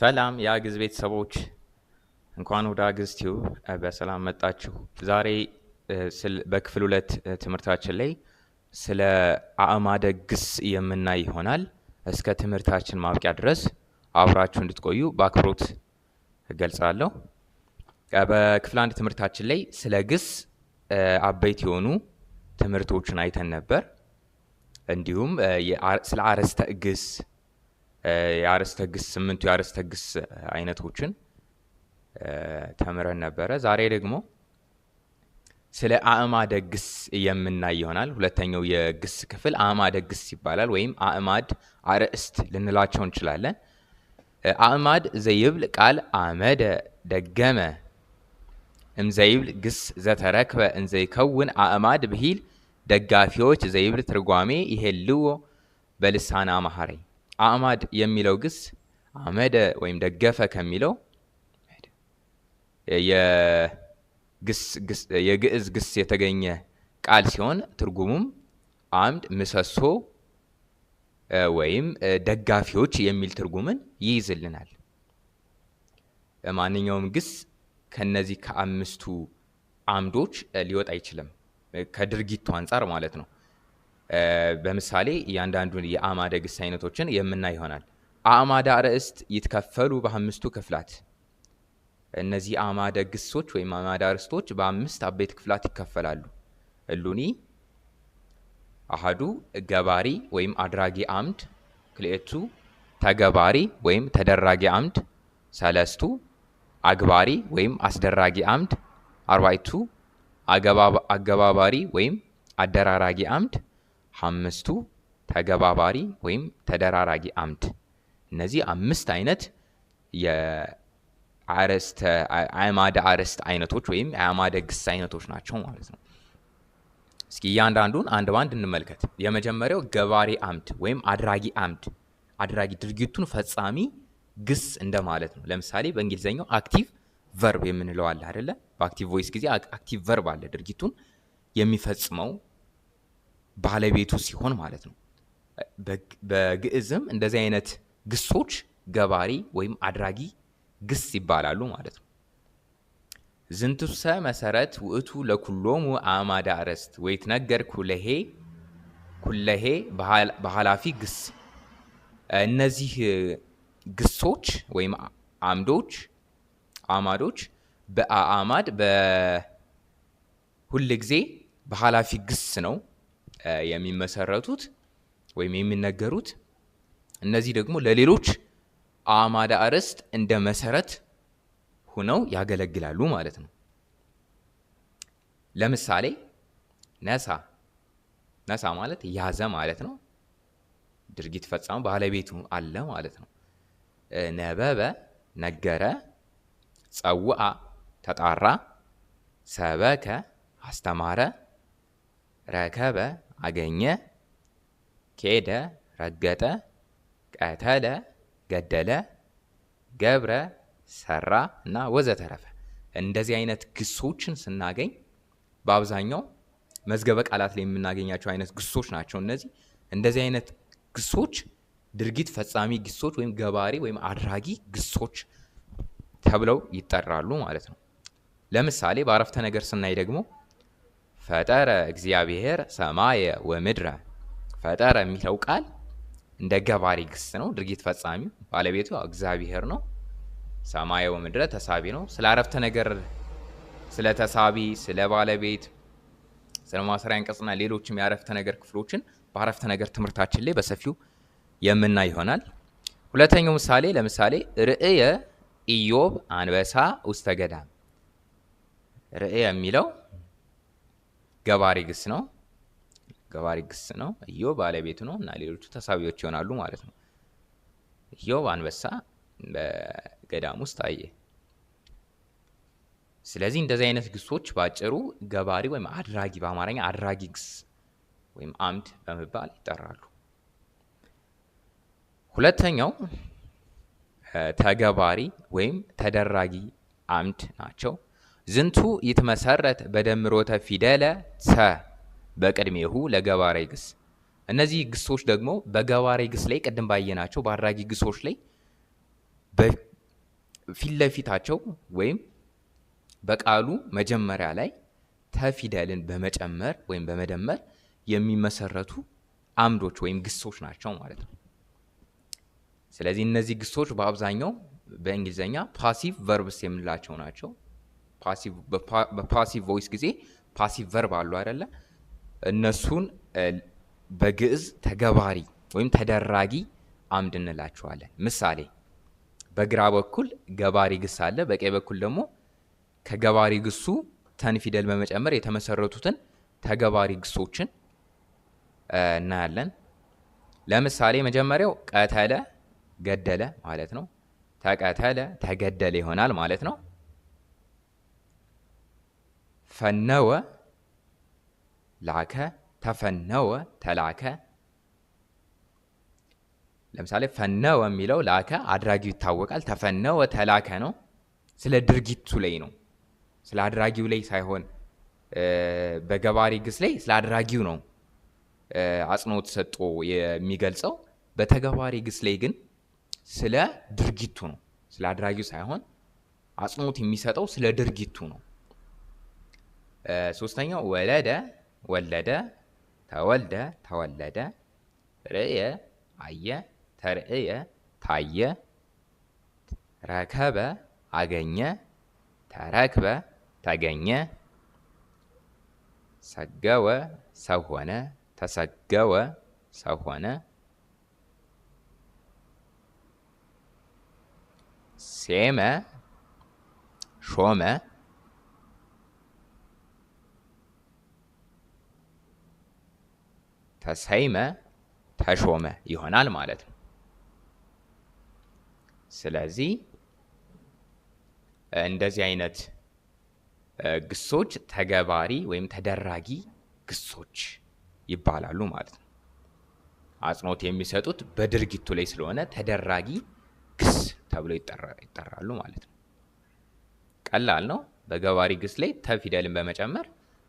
ሰላም የአግዝ ቤተሰቦች እንኳን ወደ አግዝ ቲዩብ በሰላም መጣችሁ። ዛሬ በክፍል ሁለት ትምህርታችን ላይ ስለ አእማደ ግስ የምናይ ይሆናል። እስከ ትምህርታችን ማብቂያ ድረስ አብራችሁ እንድትቆዩ በአክብሮት እገልጻለሁ። በክፍል አንድ ትምህርታችን ላይ ስለ ግስ አበይት የሆኑ ትምህርቶችን አይተን ነበር። እንዲሁም ስለ አረስተ ግስ የአረስተ ግስ ስምንቱ የአረስተ ግስ አይነቶችን ተምረን ነበረ። ዛሬ ደግሞ ስለ አእማደ ግስ የምናይ ይሆናል። ሁለተኛው የግስ ክፍል አእማደ ግስ ይባላል። ወይም አእማድ፣ አርእስት ልንላቸው እንችላለን። አእማድ ዘይብል ቃል አመደ ደገመ እምዘይብል ግስ ዘተረክበ እንዘይከውን አእማድ ብሂል ደጋፊዎች ዘይብል ትርጓሜ ይሄልዎ በልሳና መሐረይ አማድ የሚለው ግስ አመደ ወይም ደገፈ ከሚለው የግዕዝ ግስ የተገኘ ቃል ሲሆን ትርጉሙም አምድ፣ ምሰሶ ወይም ደጋፊዎች የሚል ትርጉምን ይይዝልናል። ማንኛውም ግስ ከነዚህ ከአምስቱ አምዶች ሊወጣ አይችልም፣ ከድርጊቱ አንጻር ማለት ነው። በምሳሌ እያንዳንዱን የአዕማደ ግስ አይነቶችን የምናይ ይሆናል። አዕማደ አርእስት ይትከፈሉ በአምስቱ ክፍላት። እነዚህ አዕማደ ግሶች ወይም አዕማደ አርእስቶች በአምስት አበይት ክፍላት ይከፈላሉ። እሉኒ፣ አሃዱ፣ ገባሪ ወይም አድራጊ አምድ፣ ክልኤቱ፣ ተገባሪ ወይም ተደራጊ አምድ፣ ሰለስቱ፣ አግባሪ ወይም አስደራጊ አምድ፣ አርባይቱ አገባባሪ ወይም አደራራጊ አምድ አምስቱ ተገባባሪ ወይም ተደራራጊ አምድ። እነዚህ አምስት አይነት የአረስተ አዕማደ አረስት አይነቶች ወይም አዕማደ ግስ አይነቶች ናቸው ማለት ነው። እስኪ እያንዳንዱን አንድ በአንድ እንመልከት። የመጀመሪያው ገባሪ አምድ ወይም አድራጊ አምድ። አድራጊ ድርጊቱን ፈጻሚ ግስ እንደማለት ነው። ለምሳሌ በእንግሊዝኛው አክቲቭ ቨርብ የምንለው አለ አይደለ? በአክቲቭ ቮይስ ጊዜ አክቲቭ ቨርብ አለ ድርጊቱን የሚፈጽመው ባለቤቱ ሲሆን ማለት ነው። በግዕዝም እንደዚህ አይነት ግሶች ገባሪ ወይም አድራጊ ግስ ይባላሉ ማለት ነው። ዝንቱሰ መሰረት ውእቱ ለኩሎሙ አማዳ ወይት ነገር ኩለሄ ኩለሄ በኃላፊ ግስ። እነዚህ ግሶች ወይም አምዶች አማዶች በአማድ በሁል ጊዜ በኃላፊ ግስ ነው የሚመሰረቱት ወይም የሚነገሩት እነዚህ ደግሞ ለሌሎች አዕማደ አርእስት እንደ መሰረት ሁነው ያገለግላሉ ማለት ነው። ለምሳሌ ነሳ ነሳ ማለት ያዘ ማለት ነው። ድርጊት ፈጻሙ ባለቤቱ አለ ማለት ነው። ነበበ ነገረ፣ ጸውአ ተጣራ፣ ሰበከ አስተማረ፣ ረከበ አገኘ፣ ኬደ፣ ረገጠ፣ ቀተለ፣ ገደለ፣ ገብረ፣ ሰራ እና ወዘተረፈ እንደዚህ አይነት ግሶችን ስናገኝ በአብዛኛው መዝገበ ቃላት ላይ የምናገኛቸው አይነት ግሶች ናቸው። እነዚህ እንደዚህ አይነት ግሶች ድርጊት ፈጻሚ ግሶች ወይም ገባሪ ወይም አድራጊ ግሶች ተብለው ይጠራሉ ማለት ነው። ለምሳሌ በአረፍተ ነገር ስናይ ደግሞ ፈጠረ እግዚአብሔር ሰማየ ወምድረ። ፈጠረ የሚለው ቃል እንደ ገባሪ ግስ ነው። ድርጊት ፈጻሚ ባለቤቱ እግዚአብሔር ነው። ሰማየ ወምድረ ተሳቢ ነው። ስለ አረፍተ ነገር፣ ስለ ተሳቢ፣ ስለ ባለቤት፣ ስለ ማሰሪያ አንቀጽና ሌሎችም የአረፍተ ነገር ክፍሎችን በአረፍተ ነገር ትምህርታችን ላይ በሰፊው የምናይ ይሆናል። ሁለተኛው ምሳሌ ለምሳሌ ርእየ ኢዮብ አንበሳ ውስተ ገዳም ርእየ የሚለው ገባሪ ግስ ነው። ገባሪ ግስ ነው። እዮብ ባለቤቱ ነው እና ሌሎቹ ተሳቢዎች ይሆናሉ ማለት ነው። እዮብ አንበሳ በገዳም ውስጥ አየ። ስለዚህ እንደዚህ አይነት ግሶች በአጭሩ ገባሪ ወይም አድራጊ፣ በአማርኛ አድራጊ ግስ ወይም አምድ በመባል ይጠራሉ። ሁለተኛው ተገባሪ ወይም ተደራጊ አምድ ናቸው። ዝንቱ ይትመሰረት በደምሮተ ፊደለ ሰ በቅድሜሁ ለገባሬ ግስ። እነዚህ ግሶች ደግሞ በገባሬ ግስ ላይ ቅድም ባየናቸው በአድራጊ ግሶች ላይ ፊትለፊታቸው ለፊታቸው ወይም በቃሉ መጀመሪያ ላይ ተፊደልን በመጨመር ወይም በመደመር የሚመሰረቱ አምዶች ወይም ግሶች ናቸው ማለት ነው። ስለዚህ እነዚህ ግሶች በአብዛኛው በእንግሊዝኛ ፓሲቭ ቨርብስ የምንላቸው ናቸው። በፓሲቭ ቮይስ ጊዜ ፓሲቭ ቨርብ አሉ አይደለ? እነሱን በግዕዝ ተገባሪ ወይም ተደራጊ አምድ እንላቸዋለን። ምሳሌ በግራ በኩል ገባሪ ግስ አለ፣ በቀኝ በኩል ደግሞ ከገባሪ ግሱ ተን ፊደል በመጨመር የተመሰረቱትን ተገባሪ ግሶችን እናያለን። ለምሳሌ መጀመሪያው ቀተለ ገደለ ማለት ነው። ተቀተለ ተገደለ ይሆናል ማለት ነው። ፈነወ ላከ፣ ተፈነወ ተላከ። ለምሳሌ ፈነወ የሚለው ላከ አድራጊው ይታወቃል። ተፈነወ ተላከ ነው። ስለ ድርጊቱ ላይ ነው፣ ስለ አድራጊው ላይ ሳይሆን በገባሪ ግስ ላይ ስለ አድራጊው ነው አጽንኦት ሰጥቶ የሚገልጸው። በተገባሪ ግስ ላይ ግን ስለ ድርጊቱ ነው፣ ስለ አድራጊው ሳይሆን አጽንኦት የሚሰጠው ስለ ድርጊቱ ነው። ሶስተኛው ወለደ ወለደ ተወልደ ተወለደ ርእየ አየ ተርእየ ታየ ረከበ አገኘ ተረክበ ተገኘ ሰገወ ሰው ሆነ ተሰገወ ሰው ሆነ ሴመ ሾመ ተሰይመ ተሾመ ይሆናል ማለት ነው። ስለዚህ እንደዚህ አይነት ግሶች ተገባሪ ወይም ተደራጊ ግሶች ይባላሉ ማለት ነው። አጽንኦት የሚሰጡት በድርጊቱ ላይ ስለሆነ ተደራጊ ግስ ተብሎ ይጠራሉ ማለት ነው። ቀላል ነው። በገባሪ ግስ ላይ ተፊደልን በመጨመር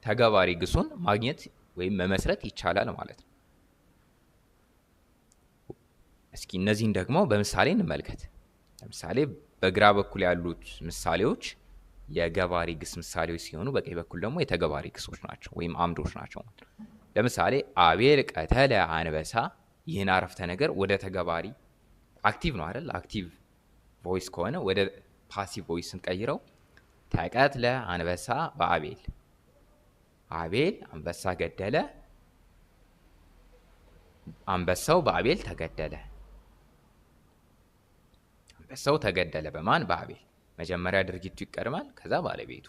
ተገባሪ ግሱን ማግኘት ወይም መመስረት ይቻላል ማለት ነው። እስኪ እነዚህን ደግሞ በምሳሌ እንመልከት። ለምሳሌ በግራ በኩል ያሉት ምሳሌዎች የገባሪ ግስ ምሳሌዎች ሲሆኑ በቀኝ በኩል ደግሞ የተገባሪ ግሶች ናቸው ወይም አምዶች ናቸው። ለምሳሌ አቤል ቀተለ አንበሳ። ይህን አረፍተ ነገር ወደ ተገባሪ አክቲቭ ነው አይደል? አክቲቭ ቮይስ ከሆነ ወደ ፓሲቭ ቮይስ ስንቀይረው ተቀትለ አንበሳ በአቤል አቤል አንበሳ ገደለ፣ አንበሳው በአቤል ተገደለ። ሰው ተገደለ በማን በአቤል መጀመሪያ ድርጊቱ ይቀድማል ከዛ ባለቤቱ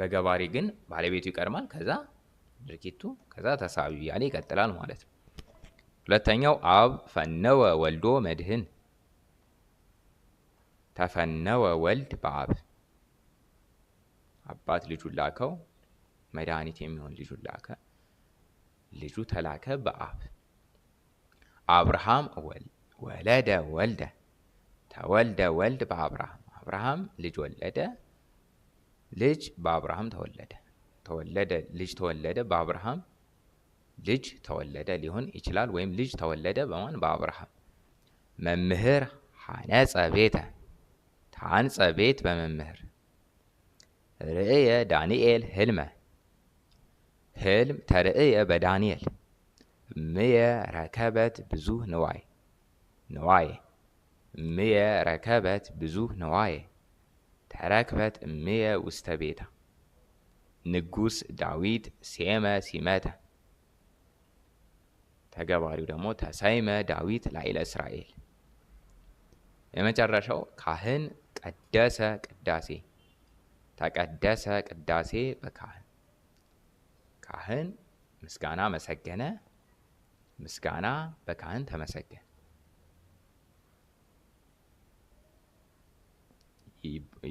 በገባሪ ግን ባለቤቱ ይቀድማል ከዛ ድርጊቱ ከዛ ተሳቢ እያለ ይቀጥላል ማለት ነው ሁለተኛው አብ ፈነወ ወልዶ መድህን ተፈነወ ወልድ በአብ አባት ልጁን ላከው መድኃኒት የሚሆን ልጁን ላከ ልጁ ተላከ በአብ አብርሃም ወልድ ወለደ ወልደ ተወልደ ወልድ በአብርሃም አብርሃም ልጅ ወለደ ልጅ በአብርሃም ተወለደ ተወለደ ልጅ ተወለደ በአብርሃም ልጅ ተወለደ ሊሆን ይችላል። ወይም ልጅ ተወለደ በማን በአብርሃም። መምህር ሐነጸ ቤተ ታንጸ ቤት በመምህር ርእየ ዳንኤል ህልመ ህልም ተርእየ በዳንኤል ምየ ረከበት ብዙ ንዋይ ነዋየ እምየ ረከበት ብዙህ ነዋየ ተረክበት እምየ ውስተ ቤታ ንጉስ ዳዊት ሴመ ሲመተ ተገባሪው ደግሞ ተሰይመ ዳዊት ላይለ እስራኤል። የመጨረሻው ካህን ቀደሰ ቅዳሴ ተቀደሰ ቅዳሴ በካህን ካህን ምስጋና መሰገነ ምስጋና በካህን ተመሰገነ።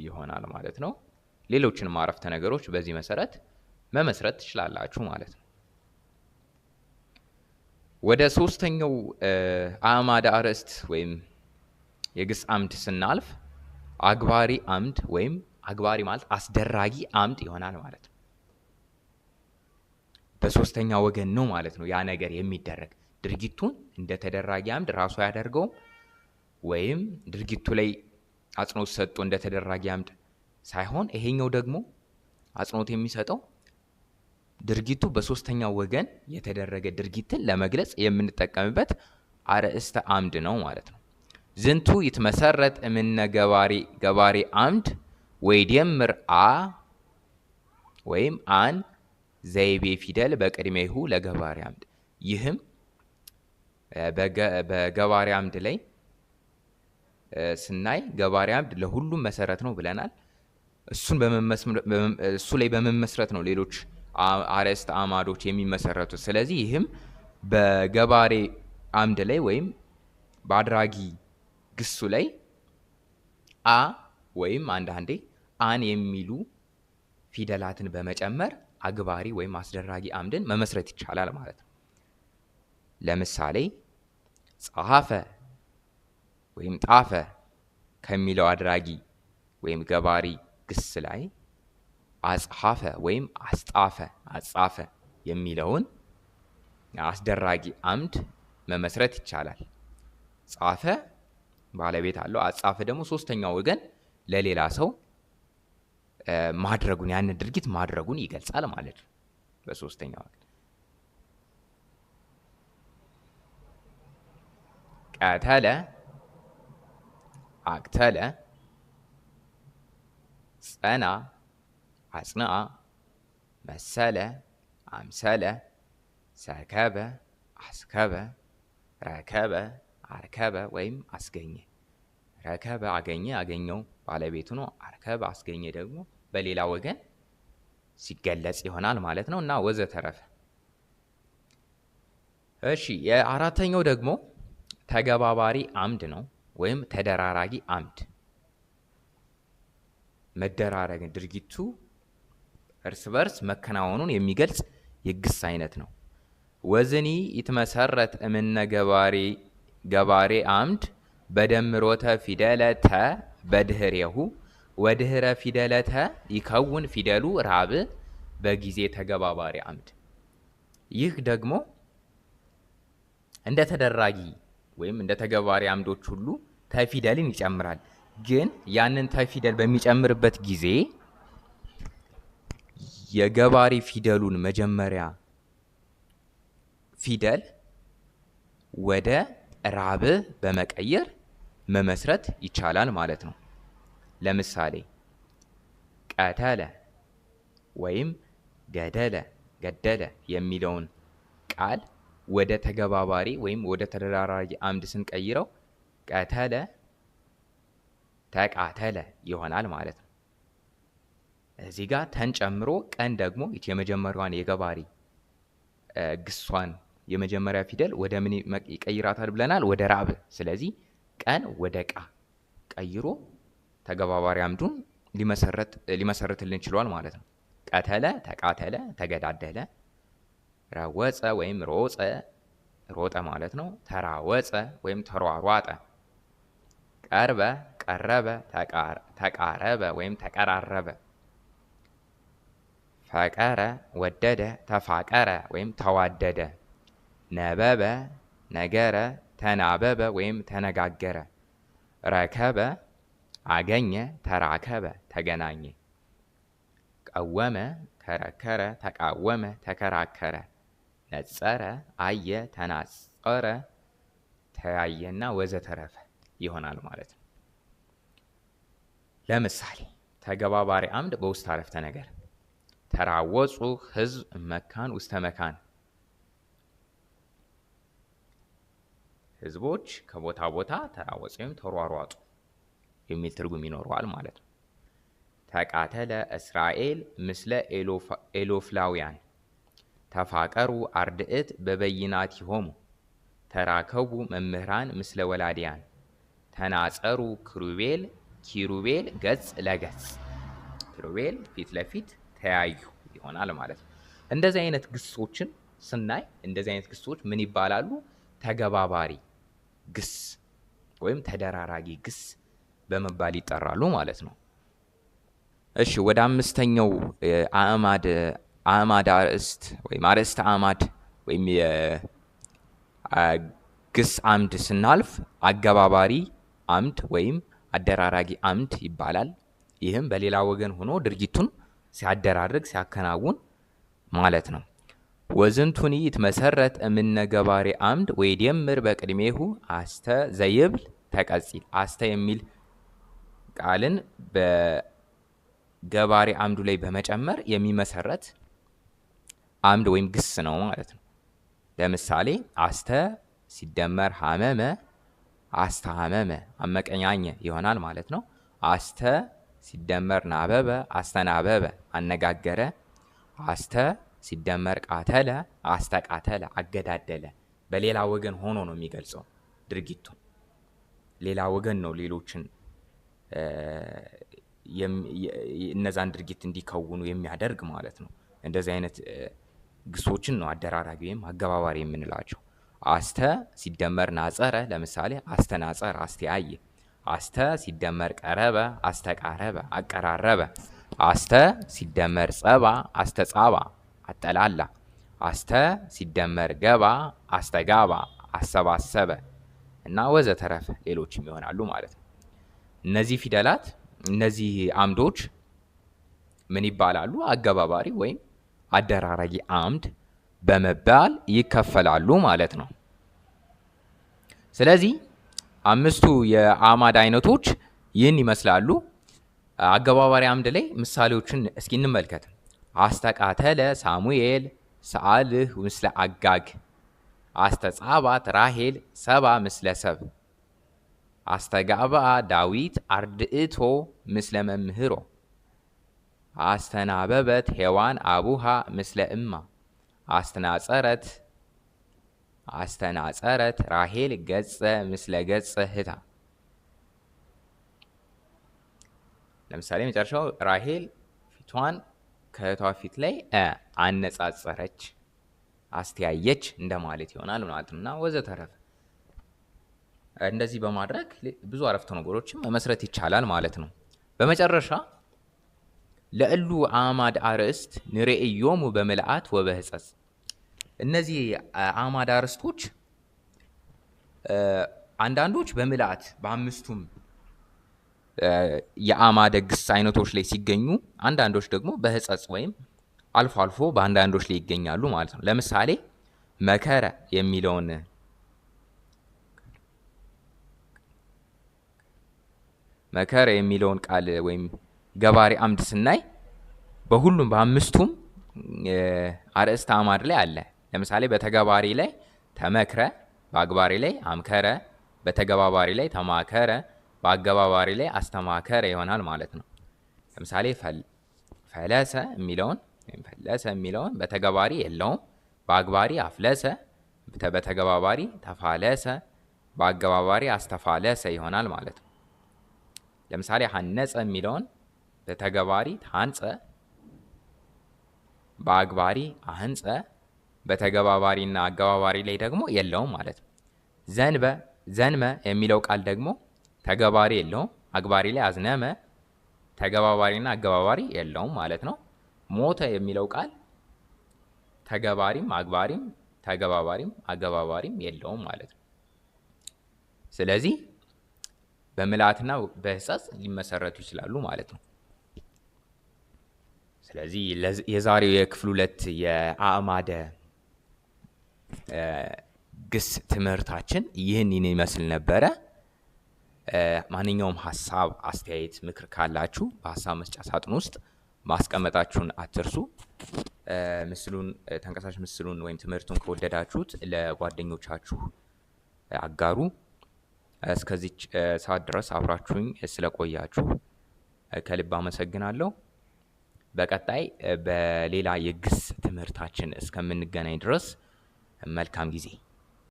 ይሆናል ማለት ነው። ሌሎችንም አረፍተ ነገሮች በዚህ መሰረት መመስረት ትችላላችሁ ማለት ነው። ወደ ሶስተኛው አዕማደ አርእስት ወይም የግስ አምድ ስናልፍ አግባሪ አምድ ወይም አግባሪ ማለት አስደራጊ አምድ ይሆናል ማለት ነው። በሶስተኛ ወገን ነው ማለት ነው ያ ነገር የሚደረግ ድርጊቱን እንደ ተደራጊ አምድ ራሱ አያደርገውም ወይም ድርጊቱ ላይ አጽንኦት ሰጥቶ እንደ ተደራጊ አምድ ሳይሆን ይሄኛው ደግሞ አጽንኦት የሚሰጠው ድርጊቱ በሶስተኛ ወገን የተደረገ ድርጊትን ለመግለጽ የምንጠቀምበት አርእስተ አምድ ነው ማለት ነው። ዝንቱ ይትመሰረት እምነ ገባሪ ገባሪ አምድ ወይ ወይደምር አ ወይም አን ዘይቤ ፊደል በቅድሜሁ ለገባሪ አምድ ይህም በገባሪ አምድ ላይ ስናይ ገባሪ አምድ ለሁሉም መሰረት ነው ብለናል። እሱን እሱ ላይ በመመስረት ነው ሌሎች አርዕስተ አዕማዶች የሚመሰረቱት። ስለዚህ ይህም በገባሬ አምድ ላይ ወይም በአድራጊ ግሱ ላይ አ ወይም አንዳንዴ አን የሚሉ ፊደላትን በመጨመር አግባሪ ወይም አስደራጊ አምድን መመስረት ይቻላል ማለት ነው። ለምሳሌ ጸሐፈ ወይም ጣፈ ከሚለው አድራጊ ወይም ገባሪ ግስ ላይ አጽሐፈ ወይም አስጣፈ አጻፈ የሚለውን አስደራጊ አምድ መመስረት ይቻላል። ጻፈ ባለቤት አለው። አጻፈ ደግሞ ሶስተኛው ወገን ለሌላ ሰው ማድረጉን ያንን ድርጊት ማድረጉን ይገልጻል ማለት ነው። በሶስተኛ ወገን ቀተለ አቅተለ ጸና አጽንአ መሰለ አምሰለ ሰከበ አስከበ ረከበ አርከበ ወይም አስገኘ። ረከበ አገኘ፣ አገኘው ባለቤቱ ነው። አርከበ አስገኘ ደግሞ በሌላ ወገን ሲገለጽ ይሆናል ማለት ነው እና ወዘተረፈ። እሺ የአራተኛው ደግሞ ተገባባሪ አምድ ነው። ወይም ተደራራጊ አምድ መደራረግን ድርጊቱ እርስ በርስ መከናወኑን የሚገልጽ የግስ አይነት ነው። ወዝኒ ይትመሰረት እምነ ገባሬ ገባሬ አምድ በደምሮተ ፊደለተ በድህሬሁ ወድህረ ፊደለተ ይከውን ፊደሉ ራብ በጊዜ ተገባባሪ አምድ ይህ ደግሞ እንደ ተደራጊ ወይም እንደ ተገባሪ አምዶች ሁሉ ተፊደልን ይጨምራል። ግን ያንን ተፊደል በሚጨምርበት ጊዜ የገባሪ ፊደሉን መጀመሪያ ፊደል ወደ ራብ በመቀየር መመስረት ይቻላል ማለት ነው። ለምሳሌ ቀተለ ወይም ገደለ ገደለ የሚለውን ቃል ወደ ተገባባሪ ወይም ወደ ተደራራቢ አምድ ስንቀይረው ቀተለ ተቃተለ ይሆናል ማለት ነው። እዚህ ጋር ተን ጨምሮ ቀን ደግሞ የመጀመሪያዋን የገባሪ ግሷን የመጀመሪያ ፊደል ወደ ምን ይቀይራታል ብለናል? ወደ ራብ። ስለዚህ ቀን ወደ ቃ ቀይሮ ተገባባሪ አምዱን ሊመሰርትልን ችሏል ማለት ነው። ቀተለ፣ ተቃተለ፣ ተገዳደለ ረወፀ ወይም ሮፀ ሮጠ ማለት ነው። ተራወፀ ወይም ተሯሯጠ። ቀርበ ቀረበ፣ ተቃረበ ወይም ተቀራረበ። ፈቀረ ወደደ፣ ተፋቀረ ወይም ተዋደደ። ነበበ ነገረ፣ ተናበበ ወይም ተነጋገረ። ረከበ አገኘ፣ ተራከበ ተገናኘ። ቀወመ ከረከረ፣ ተቃወመ ተከራከረ። ነጸረ፣ አየ፣ ተናጸረ፣ ተያየና ወዘተረፈ ይሆናል ማለት ነው። ለምሳሌ ተገባባሪ አምድ በውስጥ አረፍተ ነገር ተራወጹ ህዝብ መካን ውስተ መካን ህዝቦች ከቦታ ቦታ ተራወጹ ወይም ተሯሯጡ የሚል ትርጉም ይኖረዋል ማለት ነው። ተቃተለ እስራኤል ምስለ ኤሎፍላውያን ተፋቀሩ አርድእት በበይናቲሆሙ ተራከቡ መምህራን ምስለ ወላዲያን ተናጸሩ ክሩቤል ኪሩቤል ገጽ ለገጽ ክሩቤል ፊት ለፊት ተያዩ ይሆናል ማለት ነው። እንደዚህ አይነት ግሶችን ስናይ እንደዚህ አይነት ግሶች ምን ይባላሉ? ተገባባሪ ግስ ወይም ተደራራጊ ግስ በመባል ይጠራሉ ማለት ነው። እሺ ወደ አምስተኛው አእማድ አእማድ አርእስት ወይም አርእስት አእማድ ወይም የግስ አምድ ስናልፍ አገባባሪ አምድ ወይም አደራራጊ አምድ ይባላል። ይህም በሌላ ወገን ሆኖ ድርጊቱን ሲያደራርግ ሲያከናውን ማለት ነው። ወዝንቱኒ ይትመሰረት እምነ ገባሪ አምድ ወይደምር በቅድሜሁ አስተ ዘይብል ተቀጺል። አስተ የሚል ቃልን በገባሬ አምዱ ላይ በመጨመር የሚመሰረት አምድ ወይም ግስ ነው ማለት ነው። ለምሳሌ አስተ ሲደመር ሀመመ አስተሀመመ አመቀኛኘ ይሆናል ማለት ነው። አስተ ሲደመር ናበበ አስተናበበ አነጋገረ። አስተ ሲደመር ቃተለ አስተቃተለ አገዳደለ። በሌላ ወገን ሆኖ ነው የሚገልጸው ድርጊቱ ሌላ ወገን ነው ሌሎችን እነዛን ድርጊት እንዲከውኑ የሚያደርግ ማለት ነው። እንደዚህ አይነት ግሶችን ነው አደራራቢ ወይም አገባባሪ የምንላቸው። አስተ ሲደመር ናጸረ፣ ለምሳሌ አስተናጸር፣ አስተያየ። አስተ ሲደመር ቀረበ፣ አስተቃረበ፣ አቀራረበ። አስተ ሲደመር ጸባ፣ አስተጻባ፣ አጠላላ። አስተ ሲደመር ገባ፣ አስተጋባ፣ አሰባሰበ እና ወዘተረፈ ሌሎችም ይሆናሉ ማለት ነው። እነዚህ ፊደላት እነዚህ አምዶች ምን ይባላሉ? አገባባሪ ወይም አደራራጊ አምድ በመባል ይከፈላሉ ማለት ነው። ስለዚህ አምስቱ የአማድ አይነቶች ይህን ይመስላሉ። አገባባሪ አምድ ላይ ምሳሌዎችን እስኪ እንመልከት። አስተቃተለ ሳሙኤል ሰአልህ ምስለ አጋግ አስተጻባት ራሄል ሰባ ምስለ ሰብ አስተጋባ ዳዊት አርድእቶ ምስለ መምህሮ አስተናበበት ሔዋን አቡሃ ምስለ እማ አስተናጸረት አስተናጸረት ራሄል ገጸ ምስለ ገጸ ህታ። ለምሳሌ መጨረሻው ራሄል ፊቷን ከህቷ ፊት ላይ አነጻጸረች፣ አስተያየች እንደማለት ይሆናል ማለት ነው እና ወዘተረፈ እንደዚህ በማድረግ ብዙ አረፍተ ነገሮችን መመስረት ይቻላል ማለት ነው። በመጨረሻ ለእሉ አዕማድ አርእስት ንሬእዮሙ በምልአት ወበህጸጽ እነዚህ አዕማድ አርእስቶች አንዳንዶች በምልአት በአምስቱም የአዕማደ ግስ አይነቶች ላይ ሲገኙ፣ አንዳንዶች ደግሞ በህጸጽ ወይም አልፎ አልፎ በአንዳንዶች ላይ ይገኛሉ ማለት ነው። ለምሳሌ መከረ የሚለውን መከረ የሚለውን ቃል ወይም ገባሪ አምድ ስናይ በሁሉም በአምስቱም አርእስተ አማድ ላይ አለ። ለምሳሌ በተገባሪ ላይ ተመክረ፣ በአግባሪ ላይ አምከረ፣ በተገባባሪ ላይ ተማከረ፣ በአገባባሪ ላይ አስተማከረ ይሆናል ማለት ነው። ለምሳሌ ፈለሰ የሚለውን ወይም ፈለሰ የሚለውን በተገባሪ የለውም። በአግባሪ አፍለሰ፣ በተገባባሪ ተፋለሰ፣ በአገባባሪ አስተፋለሰ ይሆናል ማለት ነው። ለምሳሌ ሀነጸ የሚለውን በተገባሪ ታንጸ በአግባሪ አህንጸ በተገባባሪና አገባባሪ ላይ ደግሞ የለውም ማለት ነው። ዘንበ ዘንመ የሚለው ቃል ደግሞ ተገባሪ የለውም፣ አግባሪ ላይ አዝነመ ተገባባሪና አገባባሪ የለውም ማለት ነው። ሞተ የሚለው ቃል ተገባሪም አግባሪም ተገባባሪም አገባባሪም የለውም ማለት ነው። ስለዚህ በምልአትና በሕጸጽ ሊመሰረቱ ይችላሉ ማለት ነው። ስለዚህ የዛሬው የክፍል ሁለት የአእማደ ግስ ትምህርታችን ይህን ይመስል ነበረ። ማንኛውም ሀሳብ፣ አስተያየት፣ ምክር ካላችሁ በሀሳብ መስጫ ሳጥን ውስጥ ማስቀመጣችሁን አትርሱ። ምስሉን ተንቀሳሽ ምስሉን ወይም ትምህርቱን ከወደዳችሁት ለጓደኞቻችሁ አጋሩ። እስከዚች ሰዓት ድረስ አብራችሁኝ ስለቆያችሁ ከልብ አመሰግናለሁ። በቀጣይ በሌላ የግስ ትምህርታችን እስከምንገናኝ ድረስ መልካም ጊዜ